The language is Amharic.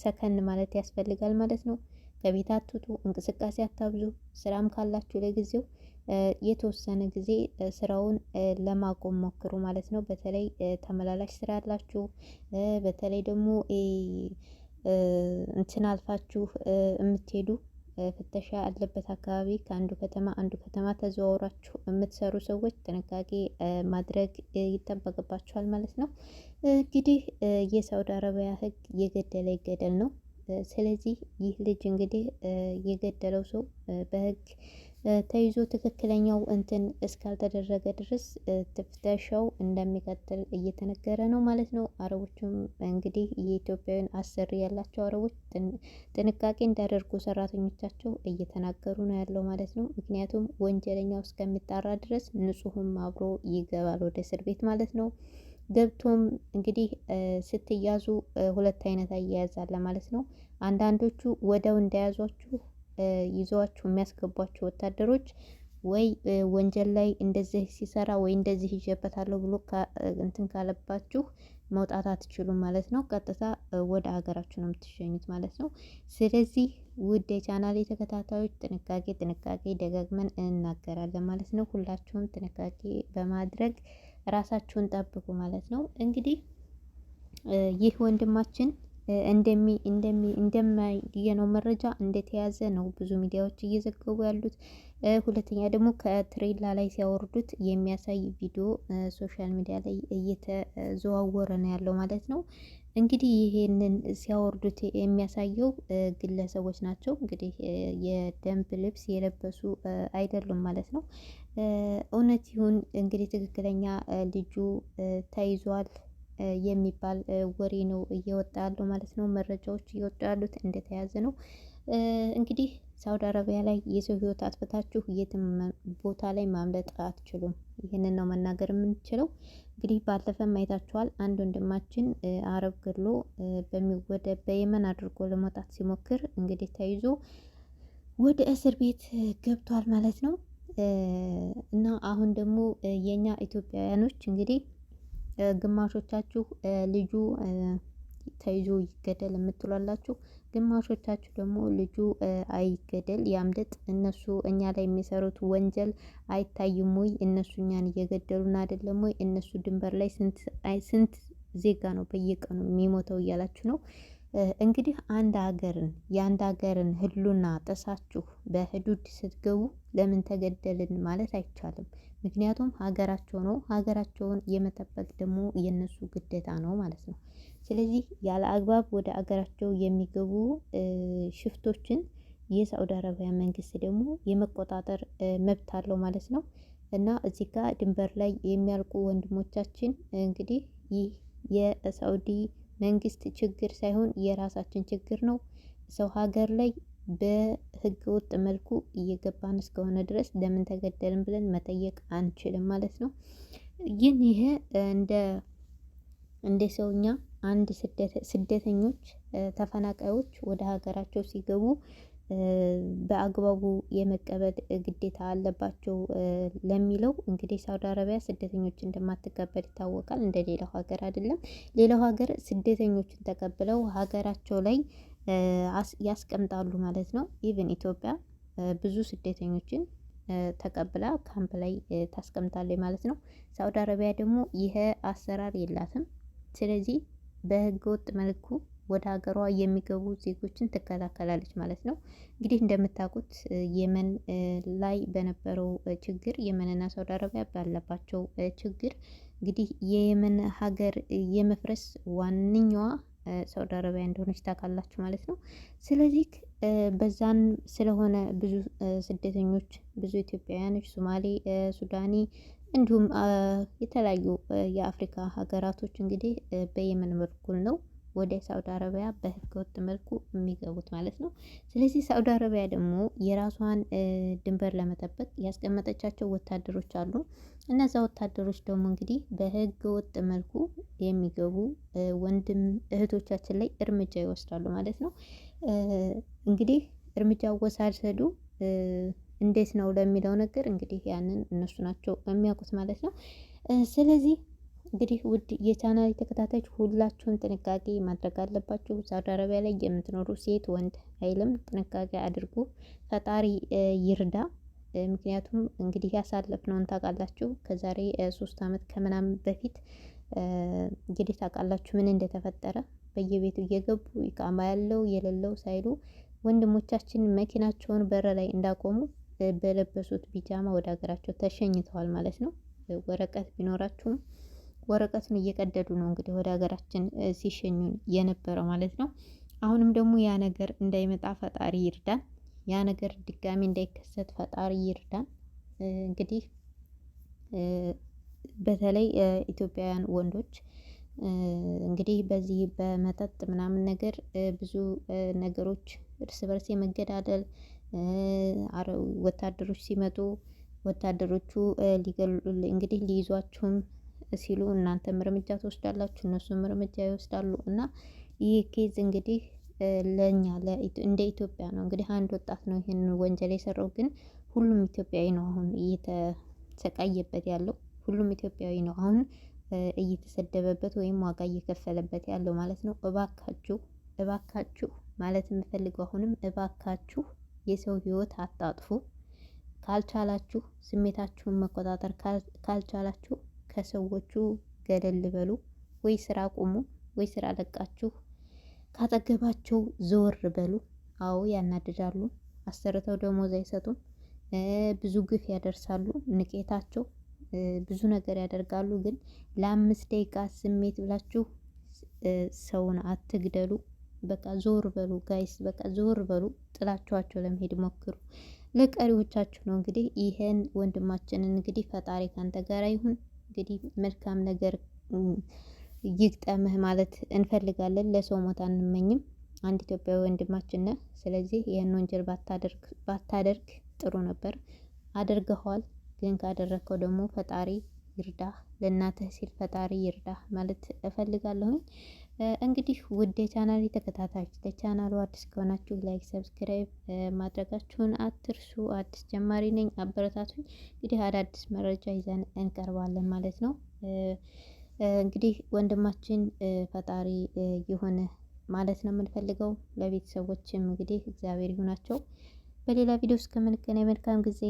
ሰከን ማለት ያስፈልጋል ማለት ነው። ከቤት አትውጡ፣ እንቅስቃሴ አታብዙ። ስራም ካላችሁ ለጊዜው የተወሰነ ጊዜ ስራውን ለማቆም ሞክሩ ማለት ነው። በተለይ ተመላላሽ ስራ አላችሁ፣ በተለይ ደግሞ እንትን አልፋችሁ የምትሄዱ ፍተሻ አለበት አካባቢ ከአንዱ ከተማ አንዱ ከተማ ተዘዋውራችሁ የምትሰሩ ሰዎች ጥንቃቄ ማድረግ ይጠበቅባችኋል ማለት ነው። እንግዲህ የሳውዲ አረቢያ ሕግ የገደለ ይገደል ነው። ስለዚህ ይህ ልጅ እንግዲህ የገደለው ሰው በሕግ ተይዞ ትክክለኛው እንትን እስካልተደረገ ድረስ ትፍተሻው እንደሚቀጥል እየተነገረ ነው ማለት ነው። አረቦቹም እንግዲህ የኢትዮጵያውያን አሰሪ ያላቸው አረቦች ጥንቃቄ እንዲያደርጉ ሰራተኞቻቸው እየተናገሩ ነው ያለው ማለት ነው። ምክንያቱም ወንጀለኛው እስከሚጣራ ድረስ ንጹህም አብሮ ይገባል ወደ እስር ቤት ማለት ነው። ገብቶም እንግዲህ ስትያዙ ሁለት አይነት አያያዝ አለ ማለት ነው። አንዳንዶቹ ወደው እንደያዟችሁ ይዟቸው የሚያስገቧቸው ወታደሮች ወይ ወንጀል ላይ እንደዚህ ሲሰራ ወይ እንደዚህ ይዤበታለሁ ብሎ እንትን ካለባችሁ መውጣት አትችሉም ማለት ነው። ቀጥታ ወደ ሀገራችሁ ነው የምትሸኙት ማለት ነው። ስለዚህ ውድ የቻናል ተከታታዮች ጥንቃቄ ጥንቃቄ ደጋግመን እናገራለን ማለት ነው። ሁላችሁም ጥንቃቄ በማድረግ ራሳችሁን ጠብቁ ማለት ነው። እንግዲህ ይህ ወንድማችን እንደሚ እንደሚ እንደማየ ነው መረጃ እንደተያዘ ነው ብዙ ሚዲያዎች እየዘገቡ ያሉት። ሁለተኛ ደግሞ ከትሬላ ላይ ሲያወርዱት የሚያሳይ ቪዲዮ ሶሻል ሚዲያ ላይ እየተዘዋወረ ነው ያለው ማለት ነው። እንግዲህ ይሄንን ሲያወርዱት የሚያሳየው ግለሰቦች ናቸው። እንግዲህ የደንብ ልብስ የለበሱ አይደሉም ማለት ነው። እውነት ይሁን እንግዲህ ትክክለኛ ልጁ ተይዟል የሚባል ወሬ ነው እየወጣ ያለው ማለት ነው። መረጃዎች እየወጡ ያሉት እንደተያዘ ነው። እንግዲህ ሳውዲ አረቢያ ላይ የሰው ህይወት አጥፍታችሁ የትም ቦታ ላይ ማምለጥ አትችሉም። ይህንን ነው መናገር የምንችለው። እንግዲህ ባለፈ ማየታችኋል። አንድ ወንድማችን አረብ ገድሎ በሚወደ በየመን አድርጎ ለመውጣት ሲሞክር እንግዲህ ተይዞ ወደ እስር ቤት ገብቷል ማለት ነው። እና አሁን ደግሞ የእኛ ኢትዮጵያውያኖች እንግዲህ ግማሾቻችሁ ልጁ ተይዞ ይገደል የምትሏላችሁ፣ ግማሾቻችሁ ደግሞ ልጁ አይገደል ያምልጥ፣ እነሱ እኛ ላይ የሚሰሩት ወንጀል አይታይም ወይ? እነሱ እኛን እየገደሉን አይደለም ወይ? እነሱ ድንበር ላይ ስንት ዜጋ ነው በየቀኑ የሚሞተው እያላችሁ ነው። እንግዲህ አንድ ሀገርን የአንድ ሀገርን ህሉና ጥሳችሁ በህዱድ ስትገቡ ለምን ተገደልን ማለት አይቻልም። ምክንያቱም ሀገራቸው ነው ሀገራቸውን የመጠበቅ ደግሞ የእነሱ ግዴታ ነው ማለት ነው። ስለዚህ ያለ አግባብ ወደ ሀገራቸው የሚገቡ ሽፍቶችን የሳውዲ አረቢያ መንግስት ደግሞ የመቆጣጠር መብት አለው ማለት ነው። እና እዚህ ጋር ድንበር ላይ የሚያልቁ ወንድሞቻችን እንግዲህ ይህ የሳውዲ መንግስት ችግር ሳይሆን የራሳችን ችግር ነው። ሰው ሀገር ላይ በህገ ወጥ መልኩ እየገባን እስከሆነ ድረስ ለምን ተገደልን ብለን መጠየቅ አንችልም ማለት ነው። ግን ይሄ እንደ እንደ ሰውኛ አንድ ስደተኞች ተፈናቃዮች ወደ ሀገራቸው ሲገቡ በአግባቡ የመቀበል ግዴታ አለባቸው ለሚለው እንግዲህ ሳውዲ አረቢያ ስደተኞች እንደማትቀበል ይታወቃል። እንደ ሌላው ሀገር አይደለም። ሌላው ሀገር ስደተኞችን ተቀብለው ሀገራቸው ላይ ያስቀምጣሉ ማለት ነው። ኢቭን ኢትዮጵያ ብዙ ስደተኞችን ተቀብላ ካምፕ ላይ ታስቀምጣለች ማለት ነው። ሳውዲ አረቢያ ደግሞ ይሄ አሰራር የላትም። ስለዚህ በህገ ወጥ መልኩ ወደ ሀገሯ የሚገቡ ዜጎችን ትከላከላለች ማለት ነው። እንግዲህ እንደምታውቁት የመን ላይ በነበረው ችግር የመንና ሳውዲ አረቢያ ባለባቸው ችግር እንግዲህ የየመን ሀገር የመፍረስ ዋነኛዋ ሳውዲ አረቢያ እንደሆነች ታውቃላችሁ ማለት ነው። ስለዚህ በዛን ስለሆነ ብዙ ስደተኞች ብዙ ኢትዮጵያውያኖች፣ ሱማሌ ሱዳኔ እንዲሁም የተለያዩ የአፍሪካ ሀገራቶች እንግዲህ በየመን በኩል ነው ወደ ሳውዲ አረቢያ በህገወጥ መልኩ የሚገቡት ማለት ነው። ስለዚህ ሳውዲ አረቢያ ደግሞ የራሷን ድንበር ለመጠበቅ ያስቀመጠቻቸው ወታደሮች አሉ። እነዛ ወታደሮች ደግሞ እንግዲህ በህገወጥ መልኩ የሚገቡ ወንድም እህቶቻችን ላይ እርምጃ ይወስዳሉ ማለት ነው። እንግዲህ እርምጃ ወሳሰዱ እንዴት ነው ለሚለው ነገር እንግዲህ ያንን እነሱ ናቸው የሚያውቁት ማለት ነው። ስለዚህ እንግዲህ ውድ የቻናል ተከታታዮች ሁላችሁም ጥንቃቄ ማድረግ አለባችሁ። ሳውዲ አረቢያ ላይ የምትኖሩ ሴት ወንድ አይልም፣ ጥንቃቄ አድርጉ። ፈጣሪ ይርዳ። ምክንያቱም እንግዲህ ያሳለፍነውን ታውቃላችሁ። ከዛሬ ሶስት አመት ከምናምን በፊት እንግዲህ ታውቃላችሁ ምን እንደተፈጠረ በየቤቱ እየገቡ ይቃማ ያለው የሌለው ሳይሉ ወንድሞቻችን መኪናቸውን በር ላይ እንዳቆሙ በለበሱት ቢጃማ ወደ ሀገራቸው ተሸኝተዋል ማለት ነው። ወረቀት ቢኖራችሁም ወረቀቱን እየቀደዱ ነው እንግዲህ ወደ ሀገራችን ሲሸኙን የነበረው ማለት ነው። አሁንም ደግሞ ያ ነገር እንዳይመጣ ፈጣሪ ይርዳን። ያ ነገር ድጋሚ እንዳይከሰት ፈጣሪ ይርዳን። እንግዲህ በተለይ ኢትዮጵያውያን ወንዶች እንግዲህ በዚህ በመጠጥ ምናምን ነገር ብዙ ነገሮች እርስ በርስ የመገዳደል ወታደሮች ሲመጡ ወታደሮቹ እንግዲህ ሊይዟችሁም ሲሉ እናንተም እርምጃ ትወስዳላችሁ፣ እነሱም እርምጃ ይወስዳሉ። እና ይህ ኬዝ እንግዲህ ለእኛ እንደ ኢትዮጵያ ነው እንግዲህ አንድ ወጣት ነው ይህን ወንጀል የሰራው፣ ግን ሁሉም ኢትዮጵያዊ ነው አሁን እየተሰቃየበት ያለው። ሁሉም ኢትዮጵያዊ ነው አሁን እየተሰደበበት ወይም ዋጋ እየከፈለበት ያለው ማለት ነው። እባካችሁ እባካችሁ ማለት የምፈልገው አሁንም እባካችሁ የሰው ህይወት አታጥፉ። ካልቻላችሁ ስሜታችሁን መቆጣጠር ካልቻላችሁ ከሰዎቹ ገለል ልበሉ ወይ ስራ ቁሙ ወይ ስራ ለቃችሁ ካጠገባቸው ዘወር በሉ። አዎ ያናድዳሉ። አሰርተው ደሞዝ አይሰጡም። ብዙ ግፍ ያደርሳሉ። ንቄታቸው ብዙ ነገር ያደርጋሉ። ግን ለአምስት ደቂቃ ስሜት ብላችሁ ሰውን አትግደሉ። በቃ ዞር በሉ ጋይስ፣ በቃ ዞር በሉ። ጥላችኋቸው ለመሄድ ሞክሩ። ለቀሪዎቻችሁ ነው እንግዲህ። ይህን ወንድማችንን እንግዲህ ፈጣሪ ካንተ ጋር ይሁን። እንግዲህ መልካም ነገር ይግጠምህ ማለት እንፈልጋለን። ለሰው ሞት አንመኝም። አንድ ኢትዮጵያዊ ወንድማችን ነህ። ስለዚህ ይህን ወንጀል ባታደርግ ጥሩ ነበር። አድርገኸዋል። ግን ካደረግከው ደግሞ ፈጣሪ ይርዳህ፣ ለእናትህ ሲል ፈጣሪ ይርዳህ ማለት እፈልጋለሁኝ። እንግዲህ ውድ የቻናል ተከታታዮች ለቻናሉ አዲስ ከሆናችሁ ላይክ፣ ሰብስክራይብ ማድረጋችሁን አትርሱ። አዲስ ጀማሪ ነኝ፣ አበረታቱኝ። እንግዲህ አዳዲስ መረጃ ይዘን እንቀርባለን ማለት ነው። እንግዲህ ወንድማችን ፈጣሪ የሆነ ማለት ነው የምንፈልገው። ለቤተሰቦችም እንግዲህ እግዚአብሔር ይሁናቸው። በሌላ ቪዲዮ እስከምንገናኝ መልካም ጊዜ